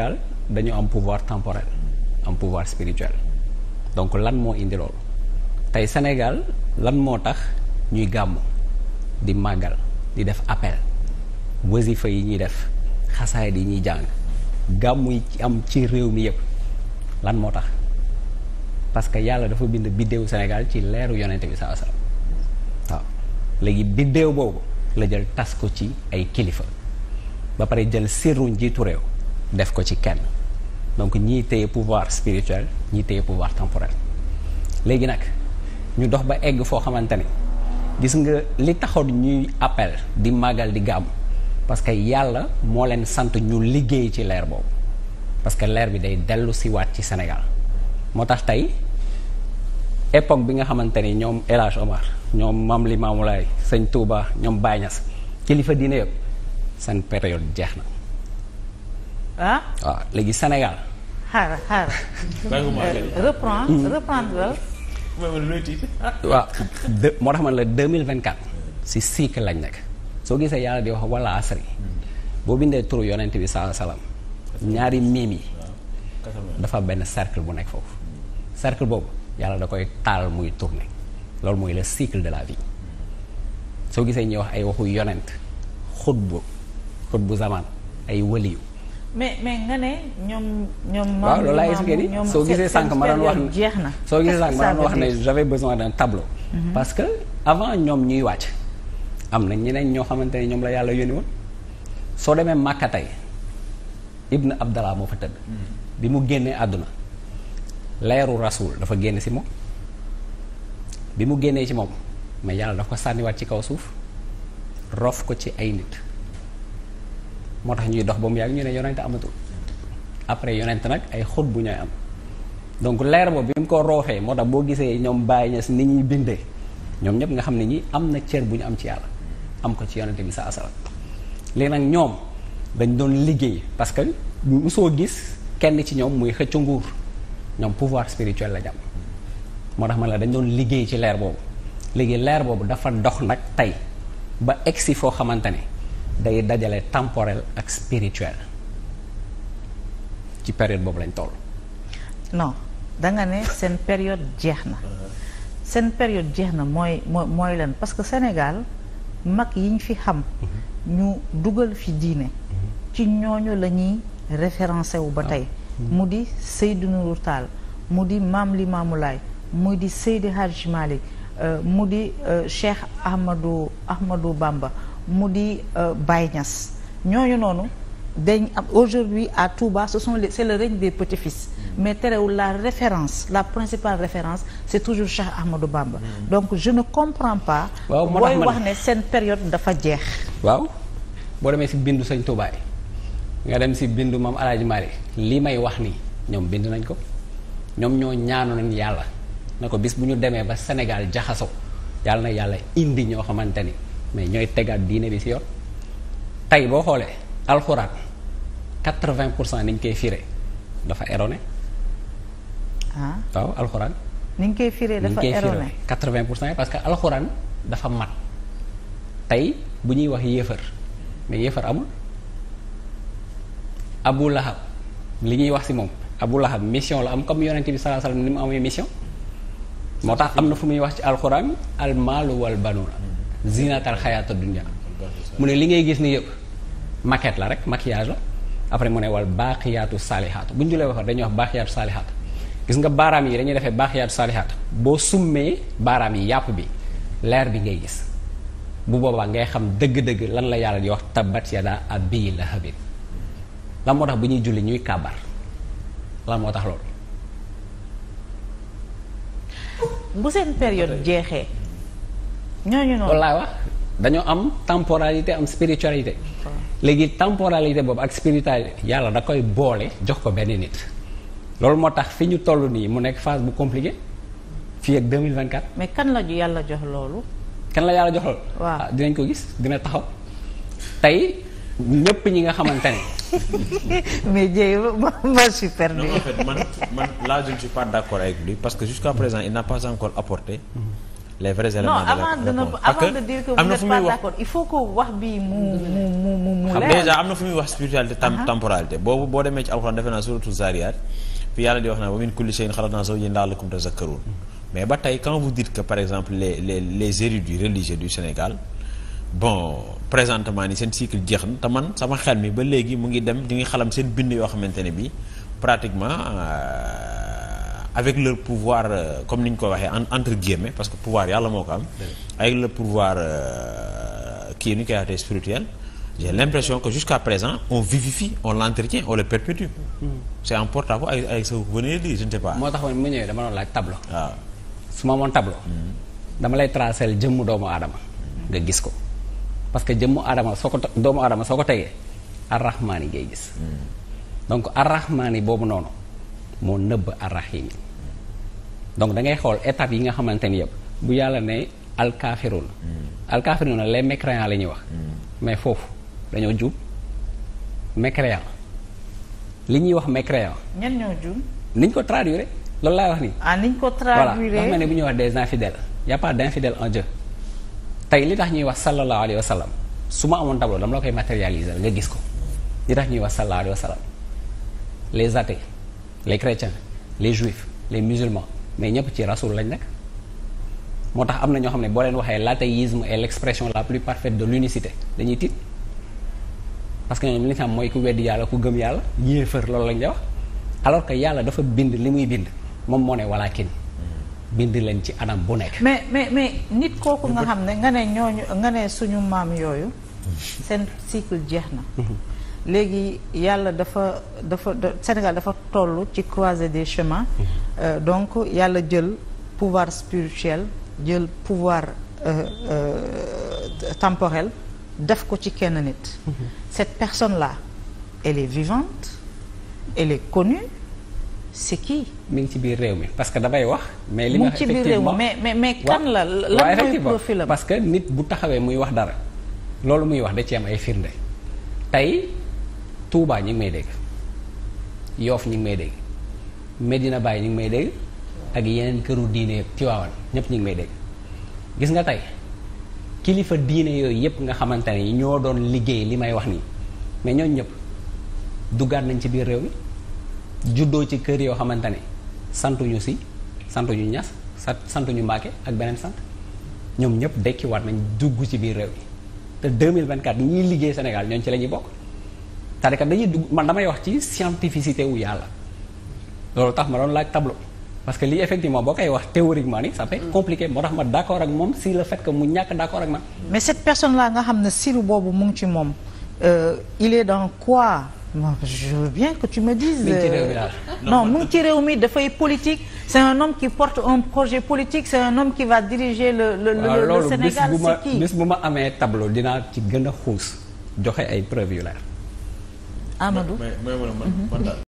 Sénégal dañu am pouvoir temporel am pouvoir spirituel donc lan moo indi loolu tey Sénégal lan moo tax ñuy gàmm di màggal di def appel wasifa yi ñuy def xasaayid yi ñuy jàng gàmm yi am ci réew mi yëpp lan moo tax parce que yàlla dafa bind biddéew Sénégal ci leeru yonente bi saa sallam waaw léegi biddéew boobu la jël tas ko ci ay kilifa ba pare jël sirru njiitu réew def ko ci kenn donc ñii téye pouvoir spirituel ñii téye pouvoir temporel léegi nag ñu dox ba egg foo xamante ni gis nga li taxoon ñuy appel di màggal di gàmm parce que yàlla moo leen sant ñu liggéey ci leer boobu parce que leer bi day dellu siwaat ci Sénégal moo tax tey époque bi nga xamante ni ñoom El Hadj Omar ñoom Mame Limamou Laye Sëñ Touba ñoom Baye Niass kilifa diine yëpp seen période jeex na ah waaw léegi Sénégal. xaaral xaaral. Mm. moo tax man la deux mille vingt quatre si cycle lañ nekk soo gisee yàlla di wax wala asri boo bindee tour yonent bi saa salaam ñaari miim yi dafa benn cercle bu nekk foofu cercle boobu yàlla da koy taal muy tourner loolu mooy la cycle de la vie soo gisee ñuy wax ay waxu yonent xutbu bu zamaan ay waliyu mais mais nga ne ñoom ñoom. waaw loolu soo gisee sànq ma doon wax jeex na. soo gisee sànq ma doon wax ne j'avais besoin d'un tableau. Mhm. parce que avant ñoom ñuy wàcc am na ñeneen ñoo xamante ne ñoom la yàlla yónni woon soo demee Màkka tey Ibn Abdallah moo fa tëdd. Mhm. bi mu génnee àdduna leeru rasul dafa génn si moom bi mu génnee ci moom mais yàlla dafa ko sànniwaat ci kaw suuf rof ko ci ay nit. moo tax ñuy dox ba mu yàgg ñu ne yonent amatul après yonent nag ay xut bu ñooy am donc leer boobu bi mu ko roofee moo tax boo gisee ñoom bàyyi ña si ni ñuy bindee ñoom ñëpp nga xam ne ñi am na cër bu ñu am ci yàlla am ko ci bi sa asala léegi nag ñoom dañ doon liggéey parce que soo gis kenn ci ñoom muy xëccu nguur ñoom pouvoir spirituel la jàmm moo tax ma la dañu doon liggéey ci leer boobu léegi leer boobu dafa dox nag tey ba egsi foo xamante ne day dajale temporel ak spirituel ci période boobu lañ toll. non da nga ne seen période jeex na. seen période jeex na mooy mooy mooy lan parce que Sénégal mag ñu fi xam. Mhm. ñu dugal fi diine. Mhm. ci ñooñu la ñuy référencé wu ba ah. tey. Mhm. mu di Seydou Nourou Tall mu di Maam li Laay mu di Seydi Hadji Malick euh, mu di euh, Cheikh Ahmadou Ahmadou Bamba. mu di euh, Baye Niass ñooñu noonu dañ am aujourd'hui à Touba ce sont les c'est le règne des petits-fils mm. mais terewul la référence la principale référence c'est toujours Cheikh Ahmadou Bamba mm. donc je ne comprends pas booy wax ne seen période dafa jeex waaw boo demee si bindu Sëñ Touba nga dem si bindu maam Alaaji Maalik li may wax nii ñoom bind nañ ko ñoom ñoo ñaanu nañ yàlla na ko bis bu ñu demee ba Sénégal jaxasoo yàlla na yàlla indi ñoo xamante ni mais ñooy tegaat diine bi si yoon tey boo xoolee alxuraan quatre-vingt pour cent ni ñu koy fire dafa erroné. ah waaw alxuraan. ni ñu koy firé dafa erroné quatre-vingt pour cent parce que alxuraan dafa mat tey bu ñuy wax yéefar mais yéefar amul. Abu Lahab li ñuy wax ci moom Abu Lahab mission la am comme yonent bi sallallahu ni mu amee mission. moo tax am na fu muy wax ci alxuraan almaalu wal banuuna zinatal xayaata dunya mu ne li ngay gis ni yëpp maquette la rek maquillage la après mu ne wal baaqiyaatu saalihaatu bu ñu julee waxoon dañuy wax baaqiyaatu saalihaatu gis nga baaraam yi dañuy defee baaqiyaatu saalihaatu boo summee baaraam yi yàpp bi leer bi ngay gis bu boobaa ngay xam dëgg-dëgg lan la yàlla di wax tabbat yadaa abii lahabin la moo tax bu ñuy julli ñuy kàbbar lan moo tax loolu bu seen période jeexee ñooñu noonu loolu laay wax dañoo am temporalité am spiritualité. léegi temporalité boobu ak spiritualité yàlla da koy boole jox ko benn nit. loolu moo tax fi ñu toll nii mu nekk phase bu compliquée fii ak 2024. mais kan la yàlla jox loolu. kan la yàlla jox loolu. waaw ah, dinañ ko gis dina taxaw tey ñëpp ñi nga xamante ne. mais Dieye ma ma suis pas d'accord avec lui parce que jusqu'à présent il n'a pas encore apporté. Mm-hmm. les vrais éléments non, de la de ne, parce avant il faut que wax bi mu mu mu mu mu leer am na fu muy wax spiritualité temporalité boobu boo demee ci alxuraan defe naa suratul Zaariyaat fi yàlla di wax naa wa min kulli shay'in xalaqnaa zawjayn la'allakum tazakkaruun mais ba tey quand vous dites par exemple les les les érudits religieux du Sénégal bon présentement ni seen cycle jeex na te man sama xel mi ba léegi mu ngi dem di ngi xalam seen bind yoo xamante ne bi pratiquement euh, avec leur pouvoir euh, comme ni ñu ko waxee entre guillemets parce que pouvoir yàlla moo ko am. avec leur pouvoir kii nu ñu koy waxee spirituel. j'ai l'impression que jusqu'à présent on vivifie on l'entretient on le perpétue. Hmm. c'est en porte-à-faux avec avec ce que vous venez de moo tax ma ñëwee dama doon laaj tableau. Ah. su ma amoon tableau. Hmm. dama lay tracer jëmm doomu aadama. Hmm. nga gis ko parce que jëmmu aadama soo ko doomu aadama soo ko tegee arrahmaani ngay gis. donc arrahmaani donc da ngay xool étapes yi nga xamante ni yëpp bu yàlla ne alkaafiruun mm. alkaafiruun les mécréants la ñuy wax mm. mais foofu dañoo jub mécréant li ñuy wax mécréant ñan ñoo jub niñ ko traduire loolu laay wax nii ah niñ ko traduire voilà ne bu ñuy wax des infidèles y a pas d'infidèles en Dieu tey li tax ñuy wax sallallahu alayhi wa su ma amoon tableau dama la koy matérialiser nga gis ko li tax ñuy wax sallallahu alayhi wa les athées les chrétiens les juifs les musulmans mais ñëpp ci rasul lañ nekk moo tax am na ñoo xam ne boo leen waxee l'athéisme est l'expression la plus parfaite de l'unicité dañuy tiit parce que ñoom li ñu xam mooy ku weddi yàlla ku gëm yàlla yéefar loolu lañ lay wax alors que yàlla dafa bind li muy bind moom moo ne walaakin bind leen ci anam bu nekk. mais mais mais nit kooku nga xam ne nga ne ñooñu nga ne suñu maam yooyu. seen cycle jeex na. Mhm. léegi yàlla dafa dafa Sénégal dafa toll ci croisée des chemins mhm. euh, donc yàlla jël pouvoir spirituel jël pouvoir euh, euh, temporel def ko ci kenn nit mhm. cette personne là elle est vivante elle est connue c'est qui. mi ngi ci biir réew mi parce que damay wax. mais li nga effectivement moom mais mais kan la lan mooy profilam parce que nit bu taxawee muy wax dara loolu muy wax da ci am ay firnde tey. Touba ñu ngi may dégg Yoff ñu ngi may dégg Medina Baye ñu ngi may dégg ak yeneen këru diine Tiwaawan ñëpp ñu ngi may dégg gis nga tey kilifa diine yooyu yëpp nga xamante ne ñoo doon liggéey li may wax nii mais ñooñ ñëpp duggaat nañ ci biir réew mi juddoo ci kër yoo xamante ne santuñu si santuñu ñas sa ñu Mbàkke ak beneen sant ñoom ñëpp dekkiwaat nañ dugg ci biir réew mi te 2024 ñuy liggéey Sénégal ñooñ ci la ñuy bokk. cest dañuy dugg man damay wax ci scientificité wu yàlla loolu tax ma doon laaj tableau parce que lii effectivement boo koy wax théoriquement ni ça peut être mm. compliqué moo tax ma d' ak moom si le fait que mu ñàkk d' accord ak man. mais cette personne là nga xam ne silu boobu mu ngi ci moom euh, il est dans quoi. je veux bien que tu me dises. Euh... non mu ci réew mi dafay politique. c' est un homme qui porte un projet politique c' est un homme qui va diriger le ma bis ma amee tableau dinaa ci gën a joxe ay preuves Amadou mais mais man man daal